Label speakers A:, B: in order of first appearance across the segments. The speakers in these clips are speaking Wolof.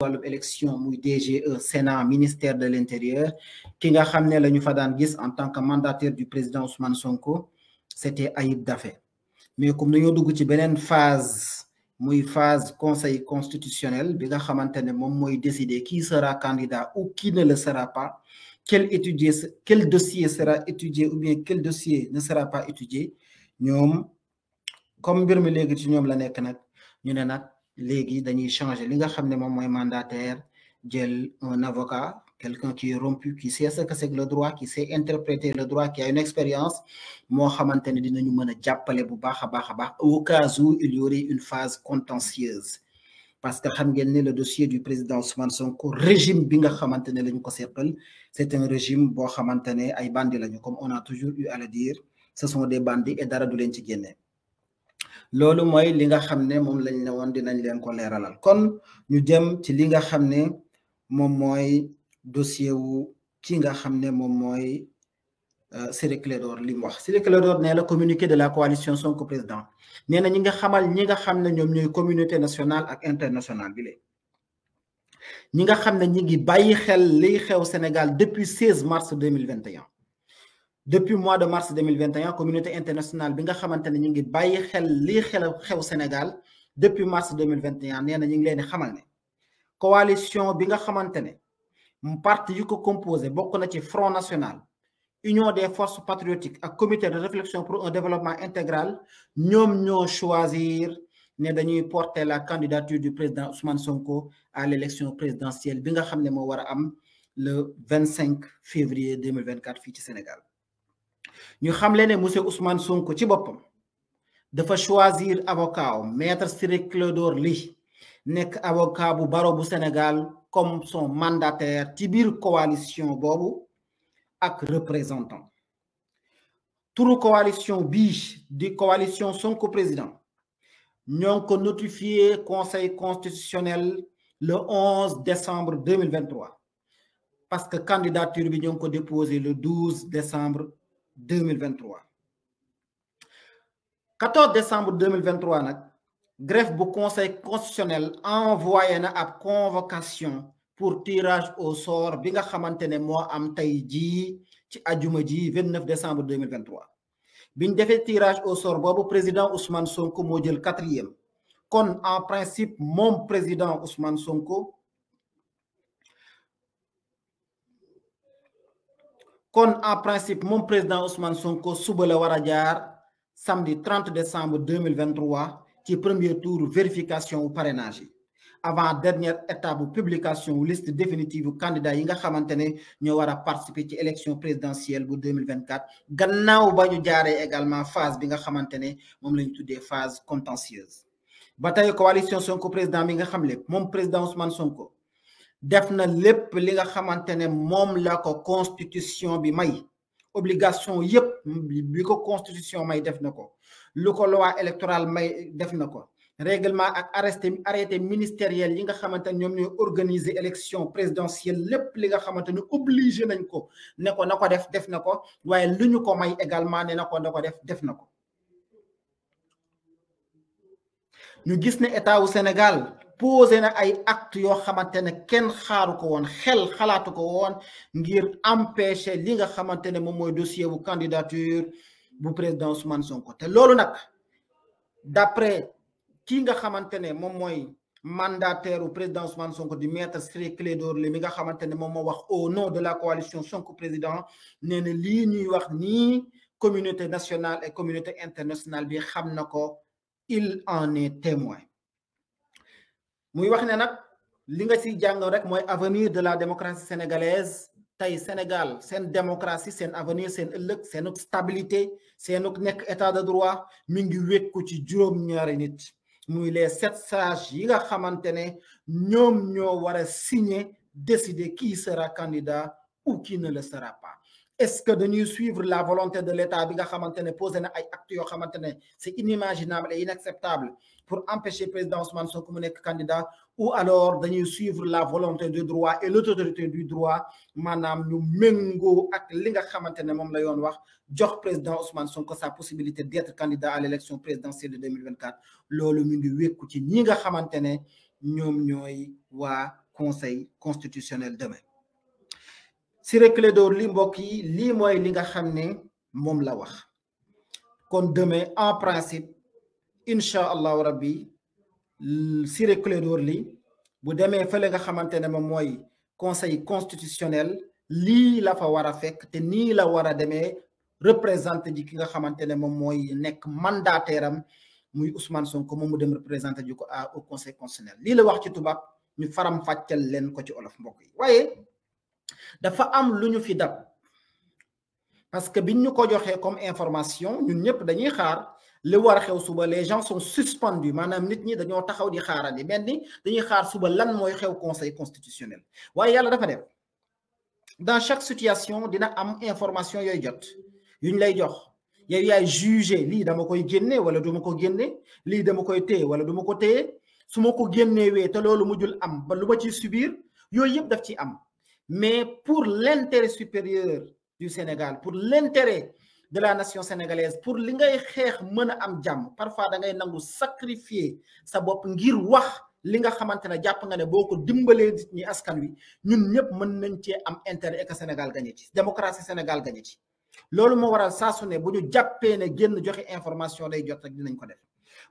A: wàllub élection muy DGE Sénat ministère de l'intérieur ki nga xam ne la ñu fa daan gis en tant que mandataire du président Ousmane Sonko c'était Ayib Daffé mais comme dañoo dugg ci beneen phase muy phase conseil constitutionnel bi nga xamante ne moom mooy décider qui sera candidat ou qui ne le sera pas quel étudier quel dossier sera étudié ou bien quel dossier ne sera pas étudié ñoom comme mbir mi léegi ci ñoom la nekk nag ñu ne nag léegi dañuy changer li nga xam ne moom mooy mandataire jël un avocat quelqu'un qui est rompu qui sait ce que c'est que le droit qui sait interpréter le droit qui a une expérience moo xamante ne dinañu mën a jàppale bu baax a baax a baax au cas où il y aurait une phase contentieuse parce que xam ngeen ne le dossier du président Ousmane Sonko régime bi nga xamante ne lañu ko seqal c'est un régime boo xamante ne ay bandits lañu comme on a toujours eu à le dire ce sont des bandits et dara du leen ci génne loolu mooy li nga xam ne moom lañ ne woon dinañ leen ko leeralal kon ñu jëm ci li nga xam ne moom mooy dossier wu ki nga xam ne moom mooy euh, Ciré Clédor li wax Ciré Clédor nee la communiqué de la coalition son président nee na ñi nga xamal ñi nga xam ne ñoom ñooy communauté nationale ak international bi ñi nga xam ne ñi ngi bàyyi xel li xew Sénégal depuis 16 mars 2021 depuis mois de mars 2021 communauté internationale bi nga xamante ne ñu ngi bàyyi xel li xew xew Sénégal depuis mars 2021 nee na ñu ngi leen di xamal ne coalition bi nga xamante ne parti yu ko composé bokk na ci Front National Union des forces patriotiques ak comité de réflexion pour un développement intégral ñoom ñoo choisir ne dañuy porter la candidature du président Ousmane Sonko à l'élection présidentielle bi nga xam ne moo war a am le 25 février 2024 fii ci Sénégal ñu xamle ne monsieur Ousmane Sonko ci boppam dafa choisir avocat wu maître Ciré Clédor Ly nekk avocat bu barreau bu Sénégal comme son mandater ci biir coalition boobu ak représentant turu coalition bii di coalition Sonko président ñoo ngi ko notifié conseil constitutionnel le 11 décembre 2023 parce que candidature bi ñoo ngi ko déposé le 12 décembre 2023 14 décembre 2023 nag greffe bu conseil constitutionnel envoyé na ab convocation pour tirage au sort bi nga xamante ne moo am tey ji ci ajuma ji 29 décembre bi biñ defee tirage au sort boobu président Ousmane Sonko moo jël quatrième kon en principe moom président Ousmane Sonko kon en principe moom président Ousmane Sonko suba la war a jaar samedi 30 décembre 2023 ci premier tour vérification u parrainage avant dernière étape bu publication wu liste définitive bu candidat yi nga xamante ne ñoo war a participer ci élection présidentielle bu 2024 gannaaw ba ñu jaaree également phase bi nga xamante ne moom la ñu tuddee phase contentieuse ba tey son Sonko président bi nga xam lépp moom président Ousmane Sonko. def na lépp li nga xamante ne moom la ko constitution bi may obligation yépp bi ko constitution may def na ko lu ko loi électorale may def na ko réglement ak arrêté arrêté ministériel yi nga xamante ne ñoom ñooy organiser élection présidentielle lépp li nga xamante ne obligé nañ ko ne ko na ko def def na ko waaye lu ñu ko may également ne na ko na ko def def na ko ñu gis ne état wu Sénégal posé na ay acte yoo xamante ne kenn xaaru ko woon xel xalaatu ko woon ngir empêcher li nga xamante ne moom mooy dossier bu candidature bu président Ousmane Sonko te loolu nag d'après ki nga xamante ne moom mooy mandataire président Ousmane Sonko di maître Ciré Clédor Ly mi nga xamante ne moom wax au nom de la coalition Sonko président nee na lii ñuy wax nii communauté nationale et communauté internationale bi xam na ko il en est témoin muy wax ne nag li nga ci jàng rek mooy avenir de la démocratie sénégalaise tey Sénégal seen démocratie seen avenir seen ëllëg seenuk stabilité seenuk nekk état de droit mi ngi wékku ci juróom-ñaari nit muy les sept sages yi nga xamante ne ñoom ñoo war a signer décider qui sera candidat ou qui ne le sera est-ce que dañuy suivre la volonté de l'État bi nga xamante ne posé na ay actes yoo xamante ne c'est inimaginable et inacceptable pour empêcher président Ousmane Sonko mu nekk candidat ou alors dañuy suivre la volonté du droit et l'autorité du droit maanaam ñu méngoo ak li nga xamante ne moom la yoon wax jox président Ousmane Sonko sa possibilité d'être candidat à l'élection présidentielle de 2024 loolu mu ngi wékku ci ñi nga xamante ne ñoom ñooy waa conseil constitutionnel demain Ciré Clédor li mbokk yi lii mooy li nga xam ne moom la wax kon deme en principe incha allahu rabbi Ciré Clédor li bu demee fële nga xamante ne moom mooy conseil constitutionnel lii la fa war a fekk te nii la war a demee représenté ji ki nga xamante ne moom mooy nekk mandataire am muy Ousmane Sonko moom mu dem représenté ji ko au conseil constitutionnel lii la wax ci tubaab ñu faram fàcceel leen ko ci olof mbokk yi dafa am lu ñu fi dab parce que biñ ñu ko joxee comme information ñun ñëpp dañuy xaar li war a xew suba les gens sont suspendus maanaam nit ñi dañoo taxaw di xaarandi mel ni dañuy xaar suba lan mooy xew conseil constitutionnel waaye yàlla dafa dem dans chaque situation dina am information yooyu jot yuñ lay jox yay yaay juger lii dama koy génne wala du ma ko génne lii dama koy téye wala du ma ko téye su ma ko génnewee te loolu mujjul am ba lu ma ciy subir yooyu yëpp daf ci am. mais pour l'intérêt supérieur du Sénégal pour l'intérêt de la nation sénégalaise pour li ngay xeex mën a am jàmm parfois da ngay nangu sacrifier sa bopp ngir wax li nga xamante ne jàpp nga ne boo ko dimbalee nit ñi askan wi ñun ñëpp mën nañ cee am intérêt et Sénégal gañe ci démocratie Sénégal gañe ci loolu moo waral saa su bu ñu jàppee ne génn joxe information day jot rek dinañ ko def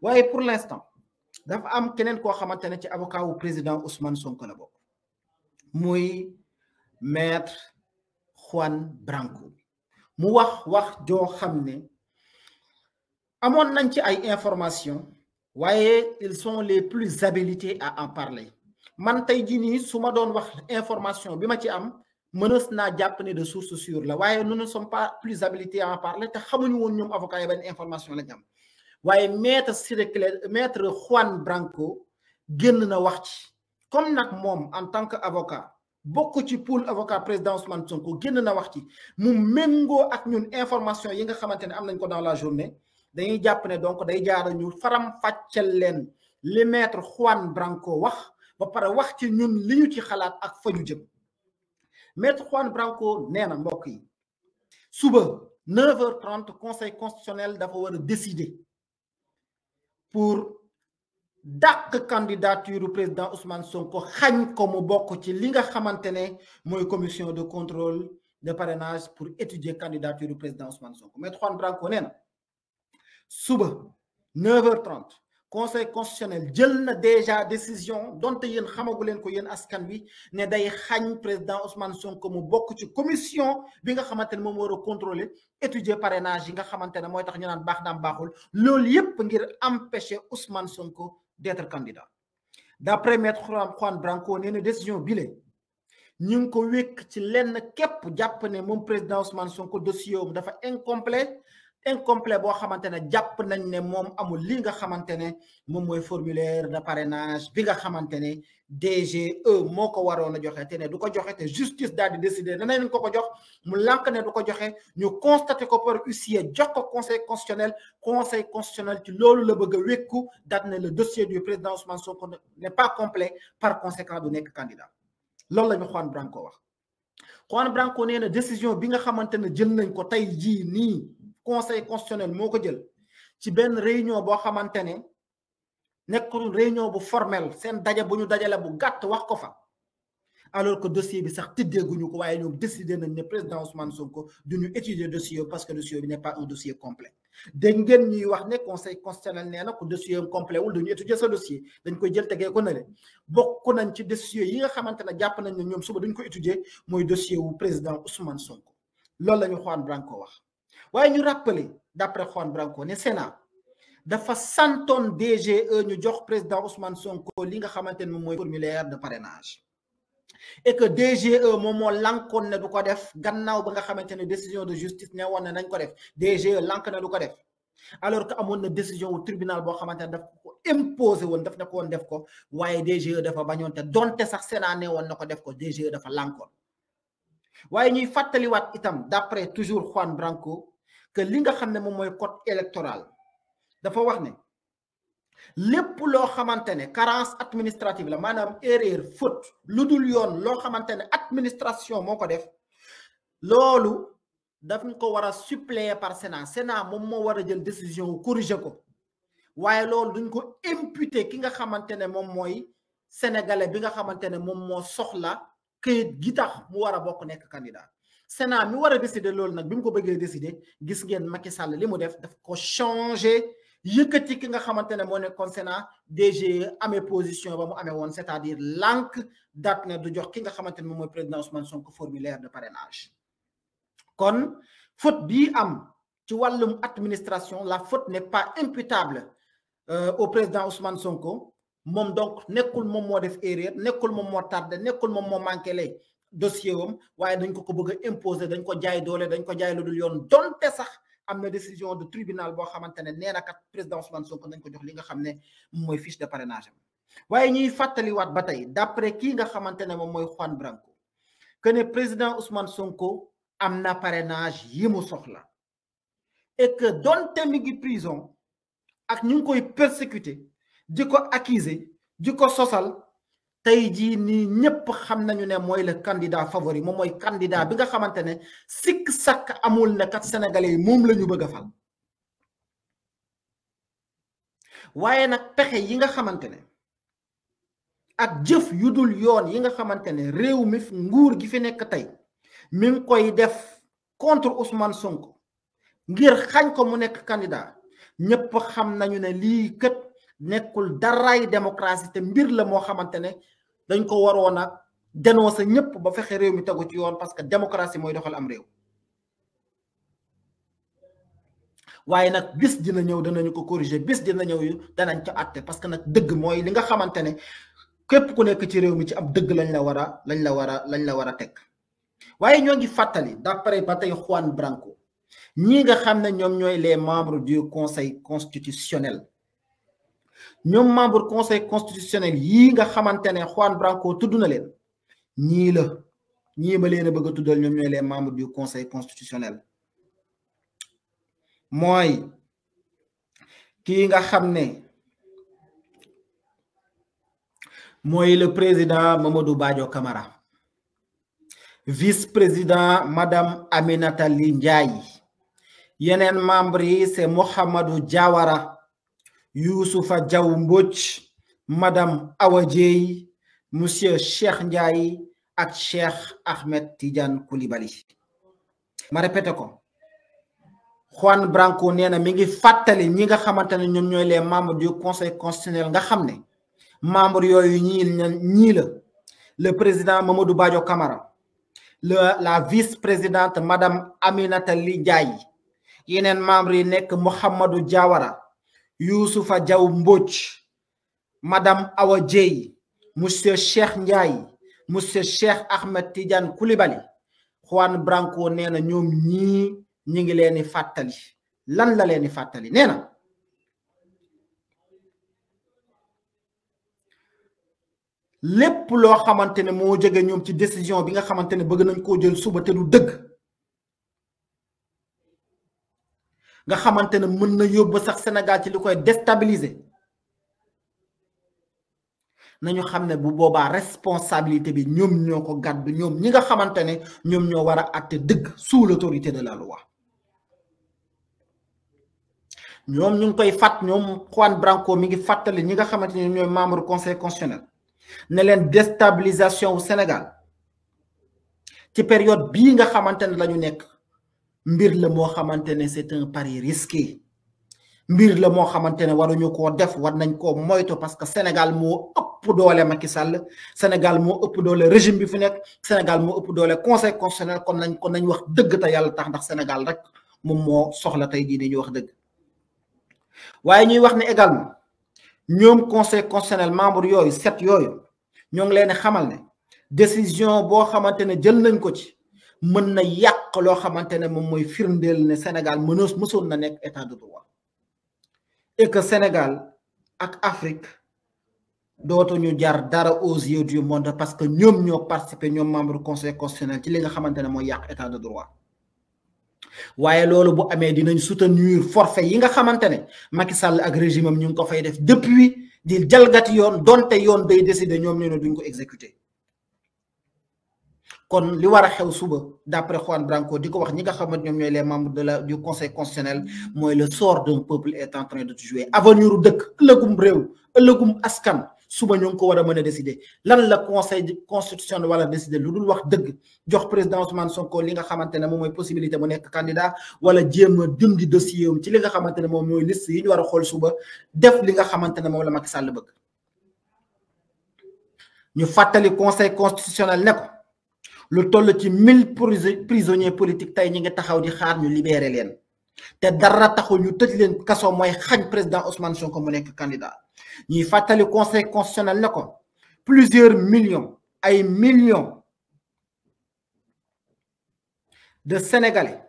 A: waaye pour l'instant dafa am keneen koo xamante ne ci avocat wu président Ousmane Sonko la bokk maitre Juan Branco mu wax wax joo xam ne amoon nañ ci ay information waaye ils sont les plus habilités à en parler man tey jii nii su ma doon wax information bi ma ci am mënees naa jàpp ne de source sûre la waaye nu ne sommes pas plus habilités à en parler te xamuñu woon ñoom avocat yi benn information lañ am waaye maître Ciré Clédor maître Juan Branco génn na wax ci comme nag moom en tant que avocat bokk ci pool avocat président Ousmane Sonko génn na wax ci mu méngoo ak ñun information yi nga xamante ne am nañ ko dans la journée dañuy jàpp ne donc day jaara ñu faram fàcceel leen li maître Juan Branco wax ba pare wax ci ñun liñu ci xalaat ak fa jëm maître Juan Branco nee na mbokk yi suba 9h30 conseil constitutionnel dafa war a décider pour. dàq candidature président Ousmane Sonko xañ ko mu bokk ci li nga xamante ne mooy commission de contrôle de parrainage pour étudier candidature président Ousmane Sonko maître Juan Branco nee na suba 9h30 conseil constitutionnel jël na déjà décision donte yéen xamagu leen ko yéen askan wi ne day xañ président Ousmane Sonko mu bokk ci commission bi nga xamante ne moom war a contrôler étudier parrainage yi nga xamante ne mooy tax ñu naan baax daam baaxul loolu yépp ngir empêcher Ousmane Sonko d'être candidat d'après maître Juan Branco nee na décision bile ñu ngi ko wékk ci lenn képp jàpp ne moom président son ko dossier am dafa incomplet incomplet boo xamante ne jàpp nañ ne moom amul li nga xamante ne moom mooy formulaire de parrainage bi nga xamante ne DGE moo ko waroon a joxe te ne du ko joxe te justice daal di décider danañ ko ko jox mu lànk ne du ko joxe ñu constaté ko par ussier jox ko conseil constitutionnel conseil constitutionnel ci loolu la bëgg a dat daat ne le dossier du président Ousmane Sonko ne pas complet par conséquent du nekk candidat loolu la ñu Juan Branco wax Juan Branco nee na bi nga xamante ne jël nañ ko tey jii nii conseil constitutionnel moo ko jël ci benn réunion boo xamante ne nekkul réunion bu formel seen daje bu ñu dajale bu gàtt wax ko fa alors que dossier bi sax tiddeeguñu ko waaye ñoom décidé nañ ne président Ousmane Sonko duñu étudier dossier parce que dossier bi n'est pas un dossier complet dégg ngeen ñuy wax ne conseil constitutionnel nee na ku dossier am complet wul duñu étudier sa dossier dañ koy jël tegee ko nale bokk nañ ci dossier yi nga xamante ne jàpp nañ ne ñoom suba duñ ko étudier mooy dossier wu président Ousmane son loolu la ñu Juan Branco wax waaye ñu rappeler d'après Juan Branco ne Sénat dafa santoon DGE ñu jox président Ousmane Sonko li nga xamante ne moom mooy formulaire de parrainage et que e moom moo lankoon ne du ko def gannaaw ba nga xamante ne décision de justice ne woon ne nañ ko def DGE lank ne du ko def alors que amoon na décision wu tribunal boo xamante ne daf ko imposé woon daf ne ko woon def ko waaye DGE dafa bañoon te donte sax Sénat ne woon na ko def ko DGE dafa lankoon waaye toujours Juan Branco li nga xam ne moom mooy code électoral dafa wax ne lépp loo xamante ne carence administrative la maanaam erreur faute lu dul yoon loo xamante ne administration moo ko def loolu daf nga ko war a suppléer par Sénat Sénat moom moo war a jël décision wu corriger ko waaye loolu duñ ko imputer ki nga xamante ne moom mooy sénégalais bi nga xamante ne moom moo soxla kayit gi tax mu war a bokk nekk candidat Sénat mi war a décider loolu nag bi mu ko bëggee décider gis ngeen Macky li mu def daf ko changer yëkkati ki nga xamante ne moo nekkoon Sénat DG amee position ba mu amee woon c'est-à-dire lànk daat du jox ki nga xamante ne moom mooy président Ousmane Sonko formulaire de parrainage kon faute bii am ci wàllum administration la faute n'est pas imputable euh, au président Ousmane Sonko moom donc nekkul moom moo def erreur nekkul moom moo tardé nekkul moom moo manqué lay dossier woom waaye dañ ko ko bëgg a imposer dañ ko jaay doole dañ ko jaay lu dul yoon donte sax am na décision de tribunal boo xamante ne nee na président Ousmane Sonko nañ ko jox li nga xam ne mooy fiche de parrainage waaye ñuy fàttaliwaat ba tey d'après kii nga xamante ne moom mooy Juan Branco que ne président Ousmane Sonko am na parrainage yi mu soxla et que donte mi gi prison ak ñu ngi koy persécuter di ko accuser di ko sosal. tey jii nii ñépp xam nañu ne mooy le candidat favori moom mooy candidat bi nga xamante ne sikk sakk amul ne kat sénégalais yi moom la ñu bëgg fal waaye nag pexe yi nga xamante ne ak jëf yu dul yoon yi nga xamante ne réew mi nguur gi fi nekk tey mi koy def contre Ousmane Sonko ngir xañ ko mu nekk candidat ñépp xam nañu ne lii kët nekkul daraay démocratie te mbir la moo xamante ne dañ ko waroon a sa ñëpp ba fexe réew mi tegu ci yoon parce que démocratie mooy doxal am réew waaye nag bis dina ñëw danañu ko corriger bis dina ñëw yu danañ ko àtte parce que nag dëgg mooy li nga xamante ne képp ku nekk ci réew mi ci ab dëgg lañ la war a lañ la war a lañ la war a teg waaye ñoo ngi fàttali d'après ba tey Juan Branco ñii nga xam ne ñoom ñooy les membres du conseil constitutionnel ñoom membre conseil constitutionnel yii nga xamante ne Juan Branco tudd na leen ñii la ñii ma leen a bëgg a tuddal ñoom ñooy les membres du conseil constitutionnel mooy kii nga xam ne mooy le président Mamadou Badio kamara vice-président madam Aminata Ly Ndiaye yeneen membre yi c'est Mohamadou Diawara Youssoufa Diaw Mbodj madame Awa Dieye monsieur Cheikh Ndiaye ak Cheikh Ahmed Tidiane Koulibaly ma répété ko Juan Branco nee na mi ngi fàttali ñi nga xamante ne ñoom ñooy les membres du conseil constitutionnel nga xam ne membres yooyu ñii ñii la le président Mamadou Badio kamara le la vice-présidente madame Aminata Ly Ndiaye yeneen membres yi nekk Mouhamadou jawara Youssoufa Diaw Mbodj madame Awa Dieye monsieur Cheikh Ndiaye monsieur Cheikh Ahmed Tidiane Koulibaly Juan Branco nee na ñoom ñii ñi ngi leen di fàttali lan la leen di fàttali nee na lépp loo xamante ne moo jóge ñoom ci décision bi nga xamante ne bëgg nañ koo jël suba te du dëgg nga xamante ne mën na yóbbu sax Sénégal ci li koy déstabiliser nañu xam ne bu boobaa responsabilité bi ñoom ñoo ko gàddu ñoom ñi nga xamante ne ñoom ñoo war a àtte dëgg sous l'autorité de la loi ñoom ñu ngi koy fàtt ñoom Juan Branco mi ngi fàttali ñi nga xamante ne ñooy membre conseil constitutionnel ne leen déstabilisation wu Sénégal ci période bii nga xamante ne la nekk mbir la moo xamante ne c'est un pari risqué mbir la moo xamante ne waruñu ko def war nañ koo moyto parce que Sénégal moo ëpp doole Macky Sall Sénégal moo ëpp doole régime bi fu nekk Sénégal moo ëpp doole conseil constitutionnel kon nañ kon nañ wax dëgg te yàlla tax ndax Sénégal rek moom moo soxla tey jii ni ñu wax dëgg waaye ñuy wax ne également ñoom conseil constitutionnel membre yooyu set yooyu ñoo ngi leen xamal ne décision boo xamante ne jël nañ ko ci mën na yàq loo xamante ne moom mooy firndeel ne Sénégal mënoos mësoon na nekk état de droit et que Sénégal ak Afrique ñu jar dara aux yeux du monde parce que ñoom ñoo participé ñoom membre conseil constitutionnel ci li nga xamante ne mooy yàq état de droit waaye loolu bu amee dinañ soutenir forfait yi nga xamante ne Macky Sall ak régime am ñu ngi ko fay def depuis di jalgati yoon donte yoon day décider ñoom ñoo ne duñ ko exécuter. kon li war a xew suba d'après Juan Branco di ko wax ñi nga xamante ñoom ñooy les membre de la ju conseil constitutionnel mooy le sort d'un peuple est en train de jouer avenir u dëkk ëllëgum réew ëllëgum askan suba ñoo ngi ko war a mën a décider lan la conseil constitutionnel wala décider lu dul wax dëgg jox président Ousmane Sonko li nga xamante ne moom mooy possibilité mu nekk candidat wala jéem a di dossier am ci li nga xamante ne moom mooy liste yi ñu war suba def li nga xamante ne moom la Macky Sall bëgg fàttali conseil constitutionnel ne lu toll ci mille prisonniers politiques tey ñi ngi taxaw di xaar ñu libéré leen te dara taxul ñu tëj leen kaso mooy xañ président Ousmane Sonko mu nekk candidat ñuy fàttali conseil constitutionnel ne ko plusieurs millions ay millions de sénégalais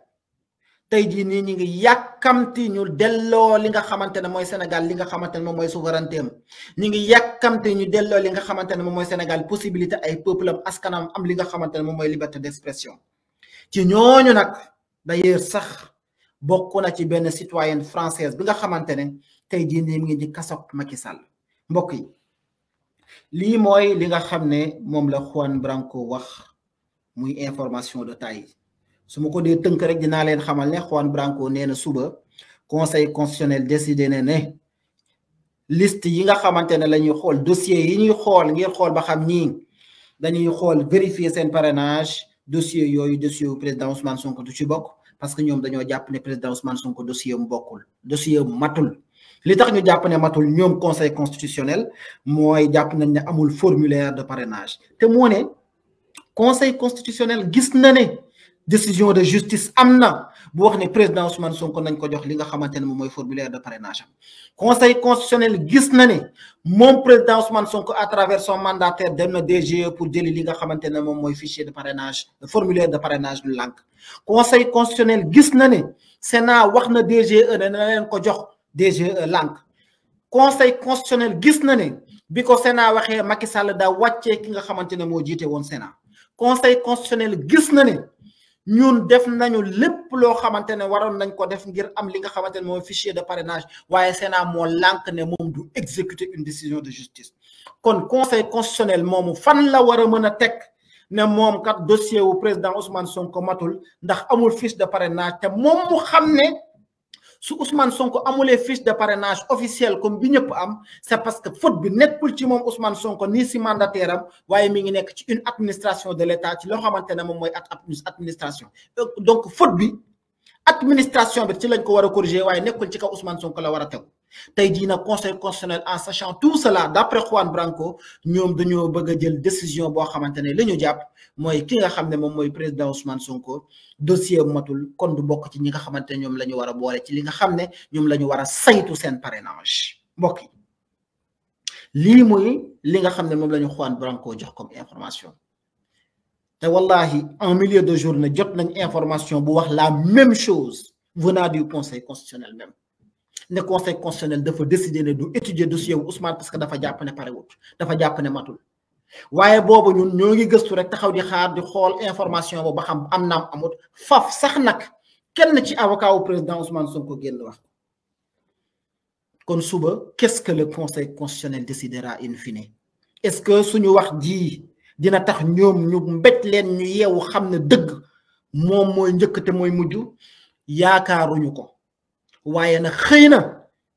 A: tey jii nii ñu ngi yàkkamti ñu delloo li nga xamante ne mooy Sénégal li nga xamante ne moom mooy souveraineté am ñu ngi yàkkamti ñu delloo li nga xamante ne moom mooy Sénégal possibilité ay peuple am askanam am li nga xamante ne moom mooy liberté d'expression ci ñooñu nag d'ailleurs sax bokk na ci benn citoyenne française bi nga xamante ne tey jii nii mu ngi di kasoog Macky Sall mbokk yi lii mooy li nga xam ne moom la Juan Branco wax muy information de taille su ma ko dee tënk rek dinaa leen xamal ne Juan Branco nee na suba conseil constitutionnel décidé na ne liste yi nga xamante ne la ñuy xool dossier yi ñuy xool ngir xool ba xam ñii dañuy xool vérifier seen parrainage dossier yooyu dossier wu président Ousmane Sonko du ci bokk parce que ñoom dañoo jàpp ne président Ousmane Sonko dossier mu bokkul dossier mu matul li tax ñu jàpp ne matul ñoom conseil constitutionnel mooy jàpp nañ ne amul formulaire de parrainage te moo ne gis na ne. décision de justice am na bu wax ne président Ousmane Sonko nañ ko jox li nga xamante ne moom mooy formulaire de parrainage am conseil gis na ne moom président Ousmane Sonko à travers son dem na DGE pour jëli li nga xamante ne moom mooy fichier de parrainage formulaire de parrainage du lànk conseil constitutionnel gis na ne Sénat wax na DGE ne na leen ko jox DGE lànk conseil constitutionnel gis na ne bi ko Sénat waxee Macky Sall daa wàccee ki nga xamante ne moo jiite woon Sénat conseil constitutionnel gis na ne. ñun def nañu lépp loo xamante ne waroon nañ ko def ngir am li nga xamante ne mooy fichier de parrainage waaye Sénat moo lànk ne moom du exécuter une décision de justice kon conseil constitutionnel moomu fan la war a mën a teg ne moom kat dossier wu président Ousmane ko matul ndax amul fiche de parrainage te moom mu xam ne su Ousmane Sonko amulee fiche de parrainage officielle comme bi ñëpp am c' est parce que faute bi nekkul ci moom Ousmane Sonko nii si mandataire waaye mi ngi nekk ci une administration de l' état ci loo xamante ne moom mooy at administration euh, donc faute bi administration bi ci lañ ko war a corriger waaye nekkul ci kaw Ousmane Sonko la war a tey jii nag conseil constitutionnel en sachant tout cela d'après Juan Branco ñoom dañoo bëgg a jël décision boo xamante ne li jàpp mooy ki nga xam ne moom mooy président Ousmane Sonko dossier matul kon du bokk ci ñi nga xamante ne ñoom la ñu war a boole ci li nga xam ne ñoom la ñu war a saytu seen parrainage mbokk yi lii mooy li nga xam ne moom la ñu Juan Branco jox comme information te wallahi en milieu de journée jot nañ information bu wax la même chose venant du même. ne conseil constitutionnel dafa décider ne du étudier dossier wu Ousmane parce que dafa jàppane ne parewut dafa jàppane matul waaye boobu ñun ñoo ngi gëstu rek taxaw di xaar di xool information boobu ba xam am naam amut faf sax nag kenn ci avocat wu président Ousmane ko génn wax kon suba qu'est-ce que le conseil constitutionnel décidera in fine est-ce que suñu wax ji dina tax ñoom ñu mbéj leen ñu yeewu xam ne dëgg moom mooy njëkk te mooy mujj yaakaaruñu ko. waaye nag xëy na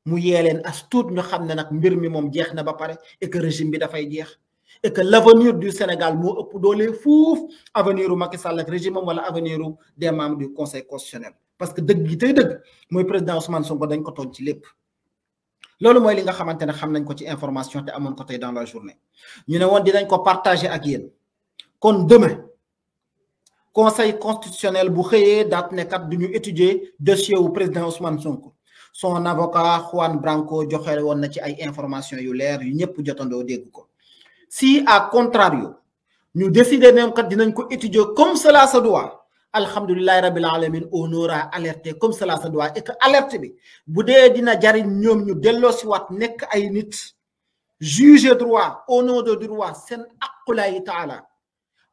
A: mu yee leen as tuut ñu xam ne nag mbir mi moom jeex na ba pare et régime bi dafay jeex et que du Sénégal moo ëpp doole fuuf avenir u Macky Sall ak régime am wala avenir u des membres du conseil constitutionnel parce que dëgg gi tey dëgg mooy président Ousmane Sonko dañ ko tooñ ci lépp. loolu mooy li nga xamante ne xam nañ ko ci information te amoon ko tey dans la journée ñu ne woon dinañ ko partager ak yéen kon demain. conseil constitutionnel bu xëyee daat ne kat du ñu étudier dossier wu président Ousmane Sonko son avocat Juan Branco joxe woon na ci ay informations yu leer yu ñëpp jotandoo dégg ko si à contrario ñu décider ne kat dinañ ko étudier comme cela se doit alhamdulillahi rabbil alamin on aura alerté comme cela se doit et que alerte bi bu dee dina jariñ ñoom ñu delloo si nekk ay nit juge droit au nom de droit seen aqulayi taala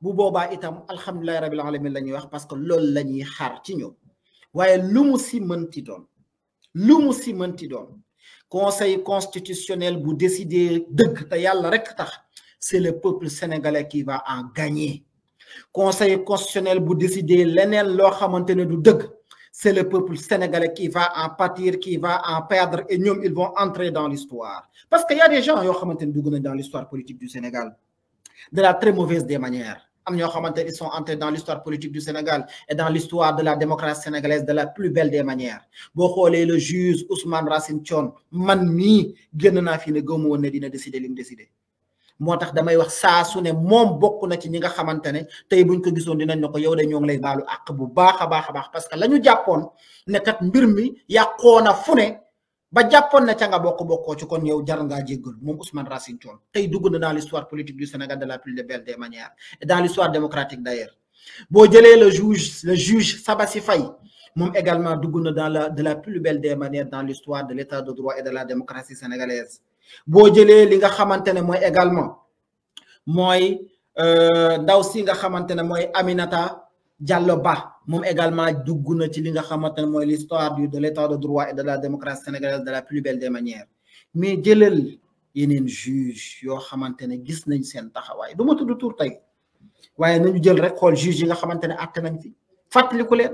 A: bu boobaa itam alhamdulilahi rabil alamin la ñuy wax parce que loolu la ñuy xaar ci ñoom waaye lu mu si mënti doon lu mu si mënti doon conseil constitutionnel bu décider dëgg te yàlla rek tax c'est le peuple sénégalais qui va en gagner conseil constitutionnel bu décider leneen loo xamante ne du dëgg c'est le peuple sénégalais qui va en pâtir qui va en perdre et ñoom ils vont entrer dans l'histoire parce que y des gens yoo xamante ne dugg nañ dans l'histoire politique du Sénégal la très mauvaise des manières am ñoo xamante ils sont entrés dans l'histoire politique du Sénégal et dans l'histoire de la démocratie sénégalaise de la plus belle des manières boo xoolee le juge Ousmane Racine Thion man mii génne naa fi ne gëmu woon ne dina décider li mu décider moo tax damay wax saa su ne moom bokk na ci ñi nga xamante ne tey buñ ko gisoon dinañ ne ko yow de ñoo ngi lay baalu àq bu baax a baax a baax parce que la ñu jàppoon ne kat mbir mi yàqoon na fu ba jàppoon na ca nga bokk bokkoo ci kon yow jar ngaa jéggalu moom Ousmane Racine Thion tey dugg na dans l'histoire politique du Sénégal de la plus de belle moom également dugg na dans la de la plus belle des manières dans l'histoire de l'état de droit et de la démocratie sénégalaise boo jëlee li nga xamante ne mooy également mooy euh, ndaw si nga xamante ne mooy Aminata Diallo Ba moom également dugg na ci li nga xamante ne mooy l'histoire du de l'état de droit et de la démocratie sénégalaise de la plus belle des manières mais jëlal yeneen juge yoo xamante ne gis nañ seen taxawaay du ma tudd tur tey waaye nañu jël rek xool juge yi nga xamante ne àtte nañ fi fàttaliku leen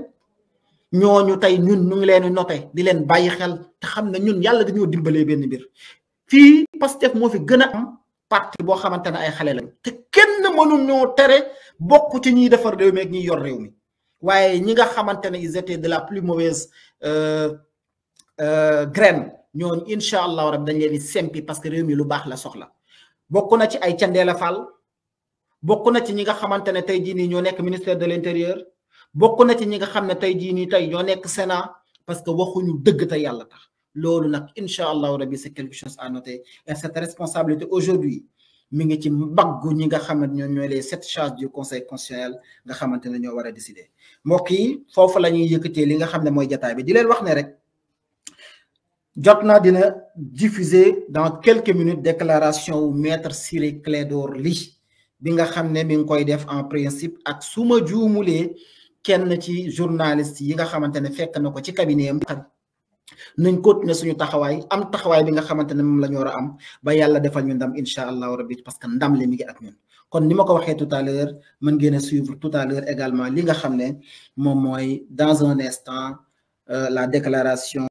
A: ñu tey ñun ñu ngi leen di noté di leen bàyyi xel te xam ne ñun yàlla dañoo dimbalee benn mbir fii Pastef moo fi gën a am parti boo xamante ne ay xale lañ bokk ci ñiy defar réew mi ak yor réew mi waaye ñi nga xamante ne ils de la plus mauvaise euh, euh, graine ñoo incha allah rabi dañ leen di sempi parce que réew mi lu baax la soxla bokk na ci ay Thiendella Fall bokk na ci ñi nga xamante ne tey jii nii ñoo nekk ministère de l'intérieur bokk na ci ñi nga xam ne tey jii nii tey ñoo nekk Sénat parce que waxuñu dëgg te yàlla tax loolu nag incha allahu rabi c'est quelque chose à noter et cette responsabilité aujourd'hui mi ngi ci mbaggu ñi nga xamante ñoom ñooy les sept charges du conseil constitutionnel nga xamante ne ñoo war a décider mbokk yi foofu la ñuy yëkkatee li nga xam ne mooy jataay bi di leen wax ne rek jot naa dina diffuser dans quelques minutes déclaration wu sire Ciré door lii bi nga xam ne mi ngi koy def en principe ak su ma kenn ci journaliste yi nga xamante ne fekk na ko ci cabinet am nañ ne suñu taxawaay am taxawaay bi nga xamante ne moom la ñu war a am ba yàlla defal ñu ndam incha allahu rabbi parce que ndam li mi ngi at ñun kon ni ma ko waxee tout à l'heure mën ngeen a suivre tout à l'heure également li nga xam ne moom mooy dans un instant euh, la déclaration